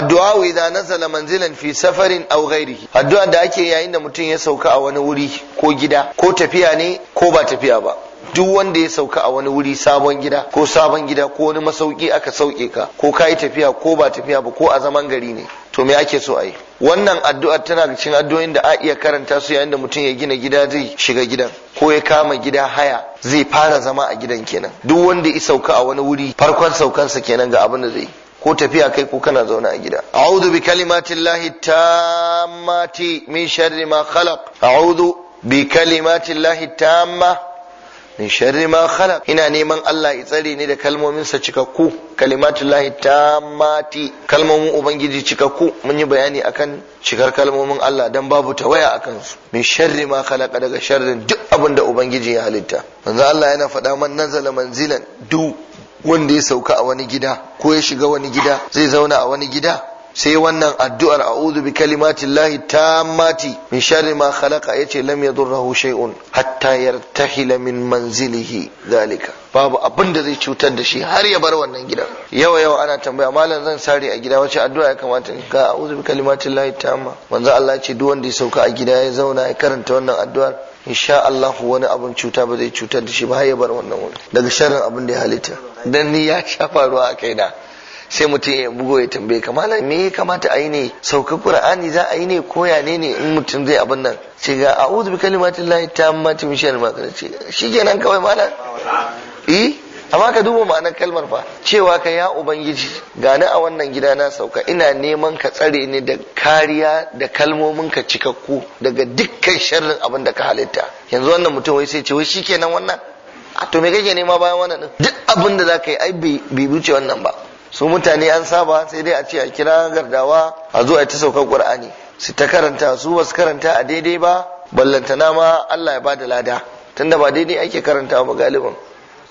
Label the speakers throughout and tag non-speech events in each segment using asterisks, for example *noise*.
Speaker 1: addu'a idza nazala manzilan fi safarin aw ghairihi addu'a da ake yayin da mutum ya sauka a wani wuri ko gida ko tafiya ne ko ba tafiya ba duk wanda ya sauka a wani wuri sabon gida ko sabon gida ko wani masauki aka sauke ka ko ka tafiya ko ba tafiya ba ko a zaman gari ne to me ake so a yi wannan addu'a tana da cin addu'o'in da a iya karanta su yayin da mutum ya gina gida zai shiga gidan ko ya kama gida haya zai fara zama a gidan kenan duk wanda ya sauka a wani wuri farkon saukansa kenan ga abin da zai yi. ko tafiya kai ko kana zauna a gida a'udhu bi kalimatillahi tammati min sharri ma khalaq a'udhu bi kalimatillahi tamma min sharri ma khalaq ina neman Allah ya tsare ni da kalmomin sa cikakku kalimatullahi tammati kalmomin ubangiji cikakku mun yi bayani akan cikar kalmomin Allah dan babu tawaya akan su min sharri ma khalaqa daga sharrin duk abin da ubangiji ya halitta manzo Allah yana faɗa man nazala manzilan du wanda ya sauka a wani gida ko ya shiga wani gida zai zauna a wani gida sai wannan addu'ar a'udhu bi kalimatillahi tammati min sharri ma khalaqa yace lam yadurruhu shay'un hatta yartahila min manzilihi zalika babu abin da zai cutar da shi har ya bar wannan gidan yawa yawa ana tambaya malam zan sare a gida wace addu'a ya kamata ni ga a'udhu bi kalimatillahi tamma manzo Allah ya ce duk wanda ya sauka a gida ya zauna ya karanta wannan addu'ar In sha Allah wani abin cuta ba zai cutar da shi ba ya bar wannan wani. daga sharrin abin da ya halitta dan ni ya sha faruwa a kaina sai mutum ya bugo ya tambaye ka malam me ya kamata a yi ne sauka qur'ani za a yi ne ko ya ne ne in mutum zai abin nan sai ga a'udhu bi kalimatin lahi tammati min sharri ma kana ce shikenan kawai malam eh amma ka duba ma'anar kalmar fa cewa ka ya ubangiji gani a wannan gida na sauka ina neman ka tsare ni da kariya da kalmomin ka cikakku daga dukkan sharrin abin da ka halitta yanzu wannan mutum wai sai ce wai shikenan wannan a to me kake nema bayan wannan din duk abin da zaka yi ai bai wuce wannan ba su mutane an saba sai dai a ce a kira gardawa a zo a ta saukar qur'ani su ta karanta su basu karanta a daidai ba ballantana ma Allah ya bada lada tunda ba daidai ake karanta ba galibin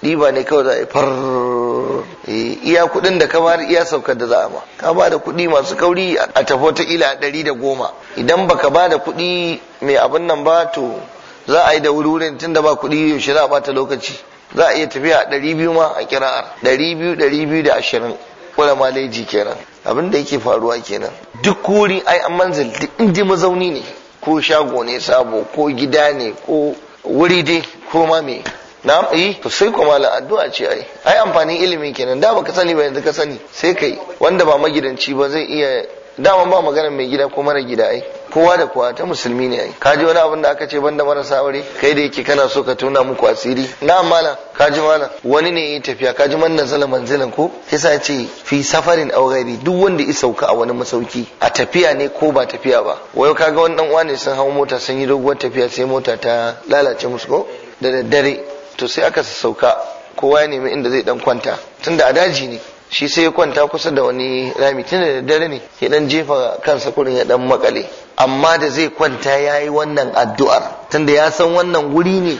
Speaker 1: ɗiba ne kawai za a yi far eh, iya kuɗin da ka har iya saukar da za a ka ba da kuɗi masu kauri a tafi wata ila ɗari da goma idan baka ba da kuɗi mai abin nan ba to za a yi da wuri tun da ba kuɗi yaushe za a bata lokaci za a iya tafiya a ɗari biyu ma a kira'ar ɗari biyu ɗari biyu da ashirin kula maleji kenan abin da yake faruwa kenan duk wuri ai an manzil duk inda mazauni ne ko shago ne sabo ko gida ne ko wuri dai ko ma me na yi eh, to sai kuma la addu'a ce ai ai amfanin ilimi kenan da baka sani ba yanzu ka sani sai kai wanda ba magidanci ba zai iya dama ba magana mai gida ko mara gida ai kowa da kowa ta musulmi ne ai kaji wani abin da aka ce banda marasa aure kai da yake kana so ka tuna muku asiri na mala kaji mala wani ne yayi tafiya kaji man nazala manzilan ko yasa ce fi safarin aw ghairi duk wanda ya sauka a wani masauki a tafiya ne ko ba tafiya ba wai kaga wani dan uwa ne sun hawo mota sun yi doguwar tafiya sai mota ta lalace musu ko da daddare to sai aka sassauka kowa ya nemi inda zai dan kwanta tunda a daji ne shi sai ya kwanta kusa da wani rami Tunda da dare ne ya dan jefa kansa kurin ya dan makale amma da zai kwanta ya yi wannan addu'ar tunda ya san wannan wuri ne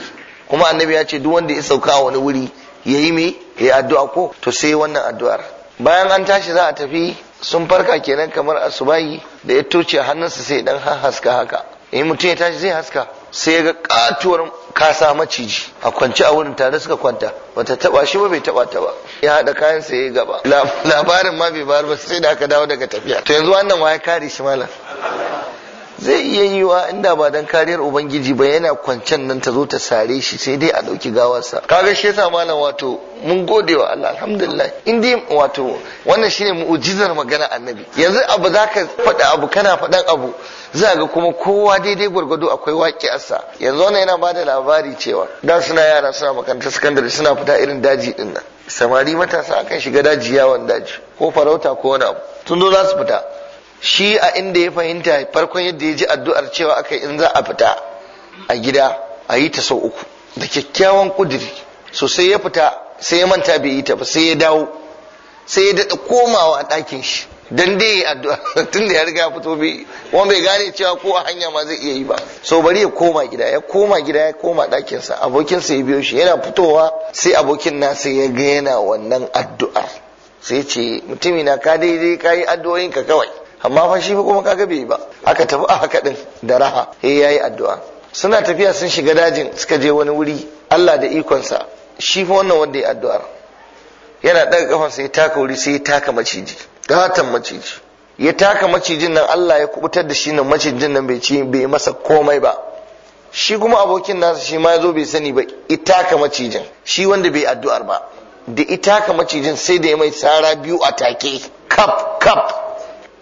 Speaker 1: kuma annabi ya ce duk wanda ya sauka wani wuri ya yi me ya addu'a ko to sai wannan addu'ar bayan an tashi za a tafi sun farka kenan kamar asubayi da ya toce hannunsa sai dan haska haka in mutum ya tashi zai haska sai ya ga katuwar ka sa maciji a kwanci a wurin tare suka kwanta Wata taba shi ba bai taba ta ba ya hada kayan sai yayi gaba labarin ma bai bayar ba sai da aka dawo daga tafiya to yanzu wannan waye kare shi malam zai iya yi wa inda ba don kariyar ubangiji ba yana kwancen nan ta zo ta sare shi sai dai a ɗauki gawarsa kaga shi yasa malam wato mun gode wa Allah alhamdulillah in dai wato wannan shine mu'jizar magana annabi yanzu abu zaka faɗa abu kana faɗan abu za ga kuma kowa daidai gwargwado akwai asa yanzu wannan yana bada labari cewa da suna yara suna makarantar sakandare suna fita irin daji din nan samari matasa akan shiga daji yawon daji ko farauta ko wani abu tun zo za su fita shi a inda ya fahimta farkon yadda ya ji addu'ar cewa aka in za a fita a gida a yi ta sau uku da kyakkyawan kudiri so sai ya fita sai ya manta bai yi ta ba sai ya dawo sai ya daɗa komawa a ɗakin shi dan dai yi addu'a *laughs* tun da ya riga ya fito bai wani bai gane cewa ko a hanya ma zai iya yi ba so bari ya koma gida ya koma gida ya koma ɗakinsa abokinsa ya biyo shi yana fitowa sai abokin nasa ya ga yana wannan addu'a sai ce mutumi na ka daidai ka yi addu'o'inka kawai amma fa shi kuma kaga bai ba aka tafi a haka din da raha he yayi addu'a suna tafiya sun shiga dajin suka je wani wuri Allah da ikonsa shi fa wannan wanda ya addu'ar yana daga kafan sai taka wuri sai ya taka maciji gatan maciji ya taka macijin nan Allah ya kubutar da shi nan macijin nan bai ci bai masa komai ba shi kuma abokin nasa shi ma zo bai sani ba itaka macijin shi wanda bai addu'ar ba da itaka macijin sai da ya mai tsara biyu a take kap kap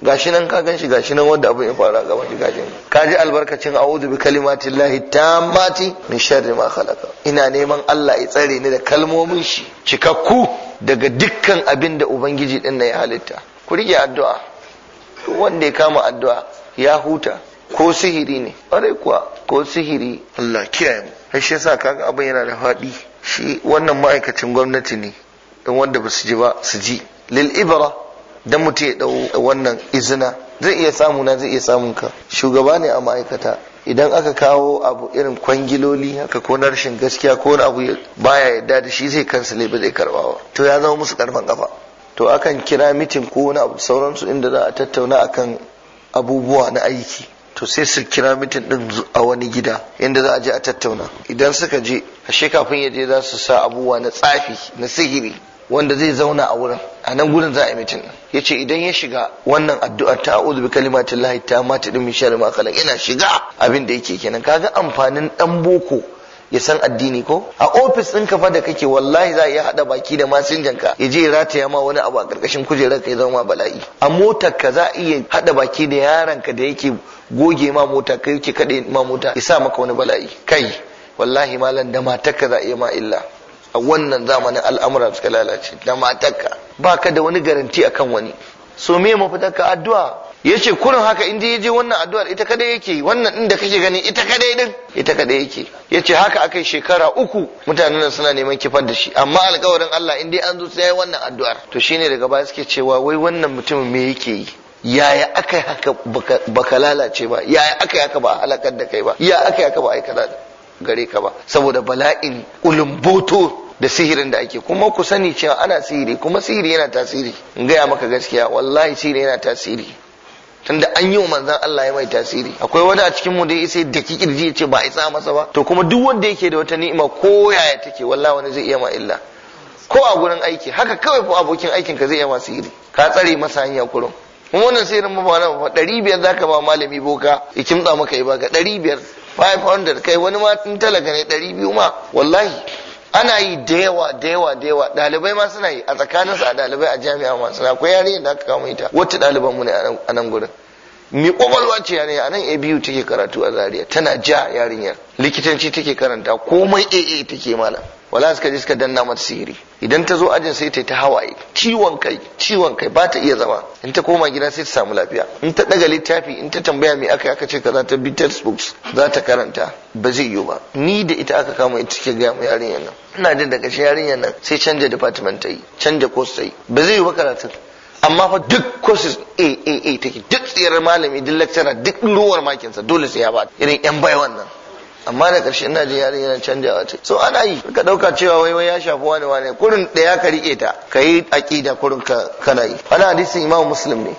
Speaker 1: gashi nan ka ganshi gashi nan wanda abin ya fara gaba shi gashi ka ji albarkacin a'udhu bi kalimatin lahi tammati min sharri ma khalaqa ina neman Allah ya tsare ni da kalmomin shi cikakku daga dukkan abin da ubangiji din ya halitta ku rike addu'a wanda ya kama addu'a ya huta ko sihiri ne ƙwarai kuwa ko sihiri Allah kiyaye mu shi yasa kaga abin yana da faɗi shi wannan ma'aikacin gwamnati ne dan wanda ba su ji ba su ji lil ibra dan mutu ya dau wannan izina zai iya samu na zai iya samun ka shugaba ne a ma'aikata idan aka kawo abu irin kwangiloli haka ko na rashin gaskiya ko wani abu baya yadda da shi zai kansile ba zai karbawa to ya zama musu karfan kafa to akan kira mitin ko wani abu sauransu inda za a tattauna akan abubuwa na aiki to sai su kira mitin din a wani gida inda za a je a tattauna idan suka je ashe kafin ya je za su sa abubuwa na tsafi na sihiri wanda zai zauna a wurin a nan gudun za a yi mitin ya ce idan ya shiga wannan addu'ar ta a'udhu bi kalimatin lahi ta mata din mishar ma yana shiga abin da yake kenan kaga amfanin ɗan boko ya san addini ko a ofis ɗinka fa da kake wallahi za a iya haɗa baki da masinjan ka ya je rataya ma wani abu a ƙarƙashin kujerar ka ya zama bala'i a motar ka za a iya haɗa baki da yaran ka da yake goge ma mota kai yake kaɗe ma mota ya sa maka wani bala'i kai wallahi malam da matar ka za a iya ma illa a wannan zamanin al'amura suka lalace da Ba ka da wani garanti akan wani so me mafitarka addu'a Ya ce kurin haka inda ya je wannan addu'ar ita kadai yake wannan inda kake gani ita kadai din ita kadai yake ce haka akai shekara uku mutanen nan suna neman kifar da shi amma alkawarin Allah in dai an zo sai yi wannan addu'ar to shine daga baya suke cewa wai wannan mutumin me yake yi yaya aka haka baka lalace ba yaya aka haka ba halakar da kai ba yaya aka haka ba aikata gare ka ba saboda bala'in ulumboto da sihirin da ake kuma ku sani cewa ana sihiri kuma sihiri yana tasiri in gaya maka gaskiya wallahi sihiri yana tasiri tunda an yi wa manzon Allah ya mai tasiri akwai wani a cikin mu da sai da ki kirji ya ce ba isa masa ba to kuma duk wanda yake da wata ni'ima ko yaya take wallahi wani zai iya ma illa ko a gurin aiki haka kawai ko abokin aikin ka zai iya ma sihiri ka tsare masa hanya kurum kuma wannan sihirin ba ba ɗari biyar ka ba malami boka ya kimtsa maka ya baka ɗari biyar 500 kai wani ma tun talaka ne biyu ma wallahi ana yi da yawa da yawa da yawa dalibai ma suna yi a tsakanin sa a dalibai a jami'a ma suna akwai yare da aka kawo ita wacce daliban mu ne a nan gurin ni kwakwalwa ce yare a nan abu take karatu a zaria tana ja yarinyar likitanci take karanta komai aa take malam wala suka je suka danna mata sihiri idan ta zo ajin sai ta yi ta hawaye ciwon kai ciwon kai ba ta iya zama in ta koma gida sai ta samu lafiya in ta daga littafi in ta tambaya me aka aka ce kaza ta bi textbooks za ta karanta ba zai yiwu ba ni da ita aka kama ita take gaya mu yarinyar nan ina jin daga shi yarinyar nan sai canja department ta yi canja course ta yi ba zai yiwu ba karatun amma fa duk courses a a a take duk tsayar malami duk lecturer duk ruwar makinsa dole sai ya ba irin yan bai wannan amma da ƙarshe ina jin yarin yana canjawa ce so ana yi ka ɗauka cewa wai wai ya shafi wani wani kurin ɗaya ka riƙe ta ka yi aƙida kurin ka kana yi ana hadisin imamu muslim ne